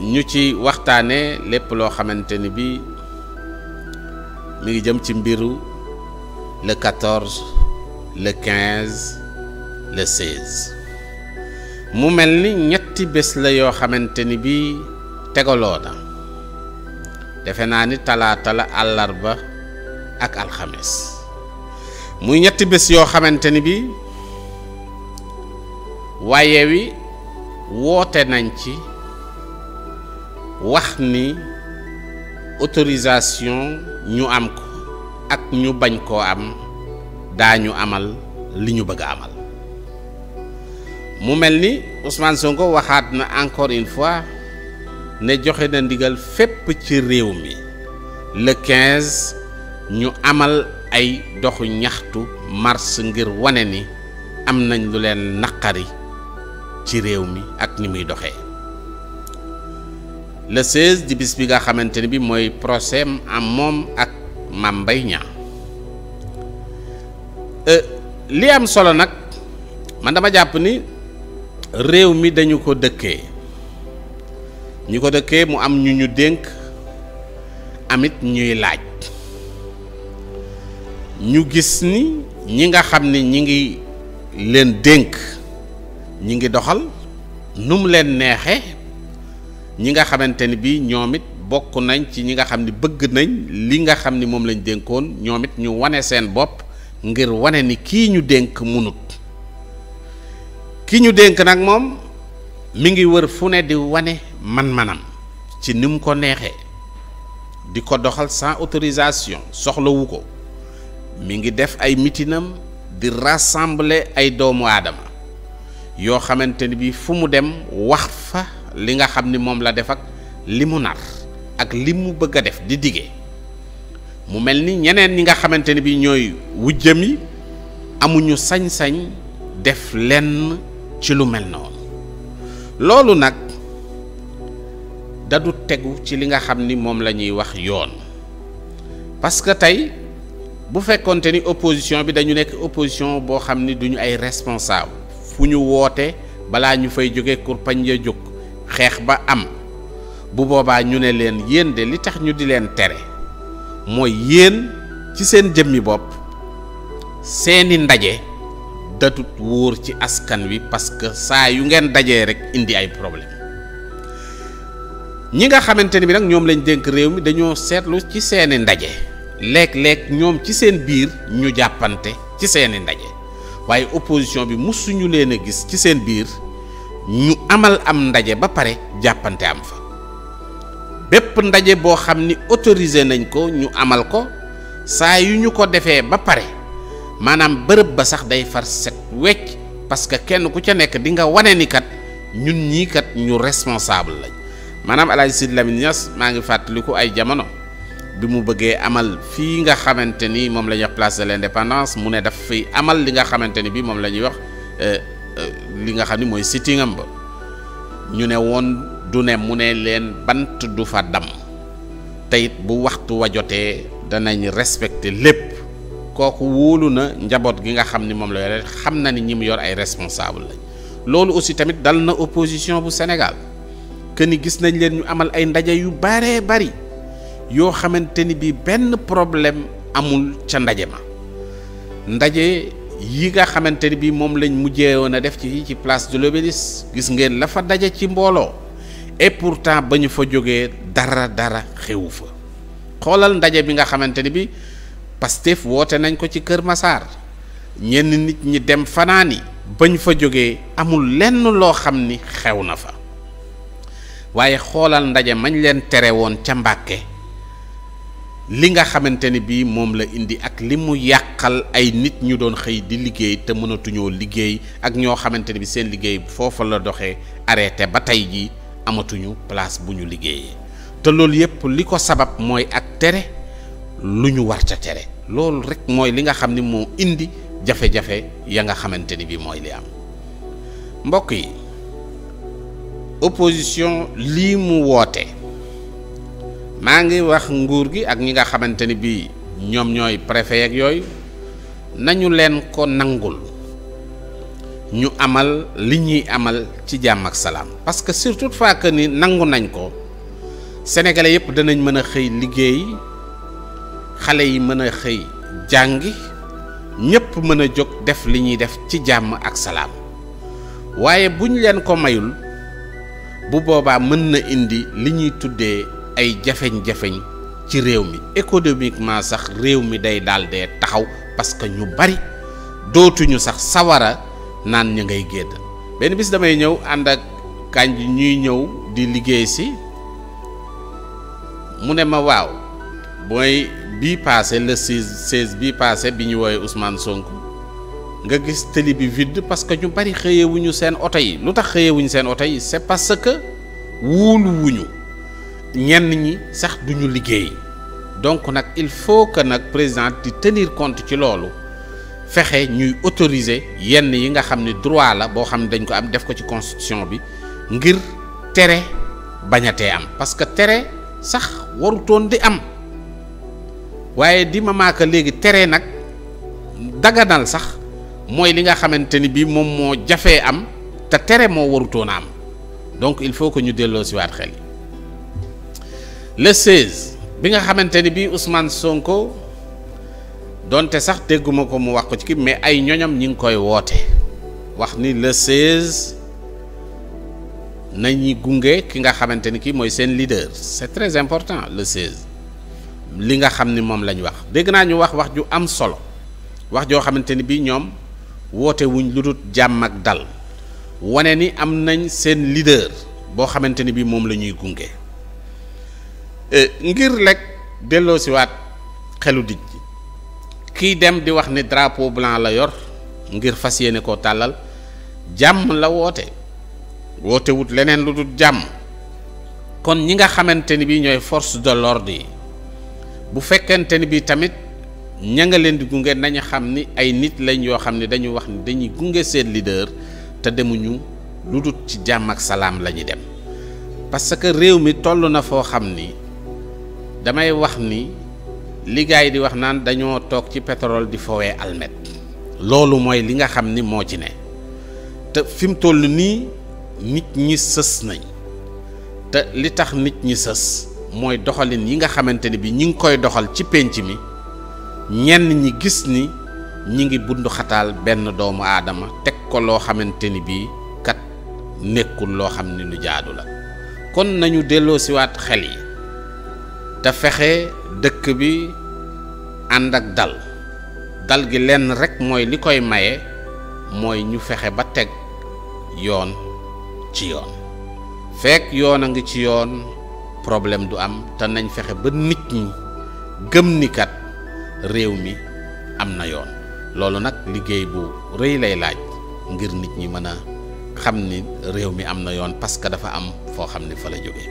ñu ci waxtaane lépp loo xamante ni bi mi ngi jëm ci mbiru le 14 le 15 le mu mel ni ñetti bés la yoo xamante ni bi tegaloo na defe naa ni talaata la àllarba ak alxames muy ñetti bés yoo xamante ni bi waaye wi woote nañ ci wax ni autorisation ñu am ko ak ñu bañ koo am daañu amal li ñu bëgg a amal mu mel ni Ousmane Sonko waxaat na encore une fois ne joxe na ndigal fépp ci réew mi le 15 ñu amal ay doxu ñaxtu mars ngir wane ni am nañ lu leen naqari ci réew mi ak ni muy doxee. le 16 di bi nga xamante ne bi mooy procès am moom ak Mame mbay Niang euh, li am solo nag man dama jàpp ni réew mi dañu ko dëkkee ñu ko dëkkee mu am ñu ñu dénk amit ñuy laaj ñu gis ni ñi nga xam ni ñi ngi leen dénk ñi ngi doxal nu mu leen neexee ñi nga xamante ni bi ñoom it bokk nañ ci ñi nga xam ni bëgg nañ li nga xam ni moom lañ dénkoon ñoom it ñu wane seen bopp ngir wane ni kii ñu dénk munut kii ñu dénk nag moom mi ngi wër fu ne di wane man-manam ci ni mu ko neexee di ko doxal san autorisation soxlawu ko mi ngi def ay mitinam di rassembler ay doomu aadama yoo xamante bi fu mu dem wax fa li nga xam ni moom la def ak li mu nar ak li mu bëgg a def di dige mu mel ni ñeneen ñi nga xamante ni bi ñooy wujjam yi amuñu sañ-sañ def lenn ci lu mel noonu loolu nag dadu tegu ci li nga xam ni moom la ñuy wax yoon parce que tey bu fekkonte ni opposition bi dañu nekk opposition boo xam ni duñu ay responsable fu ñu woote balaa ñu fay jóge kurpañ ya jóg xeex ba am bu boobaa ñu ne leen yéen de li tax ñu di leen tere mooy yéen ci seen jëmmi bopp seeni ndaje datut wóor ci askan wi parce que saa yu ngeen daje rek indi ay problème ñi nga xamante ni bi nag ñoom lañ dénk réew mi dañoo seetlu ci seeni ndaje léeg-léeg ñoom ci seen biir ñu jàppante ci seeni ndaje waaye opposition bi musuñu leen a gis ci seen biir ñu amal am ndaje ba pare jàppante am fa bépp ndaje boo xam ni autorisé nañ ko ñu amal ko saa yu ñu ko defee ba pare maanaam bërëb ba sax day far set wecc parce que kenn ku ca nekk di nga wane ni kat ñun ñii kat ñu responsable lañ maanaam El Hadj Sidy maa ngi fàttaliku ay jamono bi mu bëggee amal fii nga xamante ni moom la ñuy wax place de l'indépendance mu ne daf fi amal li nga xamante ni bii moom la ñuy wax. Euh, Euh, li nga xam ni mooy sittingam ñu ne woon du ne mu ne leen bant du fa dam teyit bu waxtu wa jotee danañ respecter lépp kooku wóolu na njaboot gi nga xam ni moom la yore xam na ni ñi mu yor ay responsable lañ loolu aussi tamit dal na opposition bu Sénégal que ni gis nañ leen ñu amal ay ndaje yu baree bari yoo xamante ni bii benn problème amul ca ndaje ma ndaje yi nga xamante ni bi moom lañ woon a def ci ci place de l'Obélisque gis ngeen la fa daje ci mbooloo et pourtant ba ñu fa jógee dara dara xewu fa xoolal ndaje bi nga xamante ni bi Pastef woote nañ ko ci Kër Massar ñenn nit ñi dem fanaani ñu fa jógee amul lenn loo xam ni xew na fa waaye xoolal ndaje mañ leen tere woon ca Mbàkke li nga xamante ni bii moom la indi ak li mu yàqal ay nit ñu doon xëy di liggéey te mënatuñoo liggéey ak ñoo xamante ni bi seen liggéey foofa la doxee arrêté ba tey jii amatuñu place bu ñu liggéeyee te loolu yépp li ko sabab mooy ak tere lu ñu war ca tere loolu rek mooy li nga xam ni moo indi jafe-jafe ya nga xamante ni bii mooy li am mbokk yi opposition lii mu woote. maa ngi wax nguur gi ak ñi nga xamante ni bii ñoom ñooy préfet yooyu nañu leen ko nangul ñu amal li ñuy amal ci jàmm ak salaam parce que surtout fois ni nangu nañ ko sénégalais yëpp danañ mën a xëy liggéey xale yi mën a xëy jàngi ñëpp mën a jóg def li ñuy def ci jàmm ak salaam waaye bu ñu leen ko mayul bu boobaa mën na indi li ñuy tuddee ay jafeñ-jafeñ ci réew mi économiquement sax réew mi day daal dee taxaw parce que ñu bari dootuñu sax sawara naan ñu ngay gédd benn bis damay ñëw ànd ak kànj ñuy ñëw di liggéey si mu ne ma waaw mooy bii passé le 16 16 bii passé bi ñu woowee Ousmane Sonko nga gis tëli bi vide parce que ñu bari xëyewuñu seen oto yi lu tax xëyewuñu seen oto yi c'est parce que wóolu wuñu ñenn ñi sax duñu liggéey donc nag il faut que nag président di tenir compte ci loolu fexe ñuy autoriser yenn yi nga xam ne droit la boo xam ne dañ ko am def ko ci constitution bi ngir tere bañatee am parce que tere sax warutoon di am waaye di ma léegi tere nag daganal sax mooy li nga xamante ni bii moom moo jafee am te tere moo warutoon a am donc il faut que ñu delloo siwaat xel yi le 16 bi nga xamante ni bii Ousmane Sonko donte sax dégguma ko mu wax ko ci kii mais ay ñoñam ñi ngi koy woote wax ni le 16 nañu gunge ki nga xamante ni kii mooy seen leader c'est très important le 16 li nga xam ni moom lañ wax dégg naa ñu wax wax ju am solo wax joo xamante ni bii ñoom woote wuñ lu dul jàmm ak dal wane ni am nañ seen leader boo xamante ni bii moom la ñuy gunge. Euh, ngir lekk delloosiwaat xelu dij kiy dem di wax ni drapeau blanc la yor ngir fas yéene ko tàllal jàmm la woote wootewut leneen lu dul jàmm kon ñi nga xamante ni bii ñooy force de l'ordre yi bu fekkente ni bii tamit ña nga leen di gunge nañu xam ni ay nit lañ yoo xam ne dañu wax ni dañuy gunge seen leader te demuñu lu dul ci jàmm ak salaam lañuy dem parce que réew mi toll na foo xam ni. damay wax ni li di wax naan dañoo toog ci pétrole di fowee almet loolu mooy li nga xam ni moo ci ne te fi mu toll nii nit ñi sës nañ te li tax nit ñi sës mooy doxalin yi nga xamante ni bi ñi ngi koy doxal ci pénc mi ñenn ñi gis ni ñi ngi bundu benn doomu aadama teg ko loo xamante ni bii kat nekkul loo xam ni lu jaadu la kon nañu delloo siwaat xel yi te fexe dëkk bi ànd ak dal dal gi lenn rekk mooy li koy maye mooy ñu fexe ba teg yoon ci yoon fekk yoon a ngi ci yoon problème du am te nañ fexe ba nit ñi gëm ni kat réew mi am na yoon loolu nag liggéey bu rëy lay laaj ngir nit ñi mën a xam ni réew mi am na yoon parce que dafa am foo xam ni fa la jóge